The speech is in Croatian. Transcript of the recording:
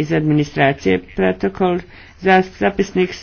iz administracije protokol za zapisnik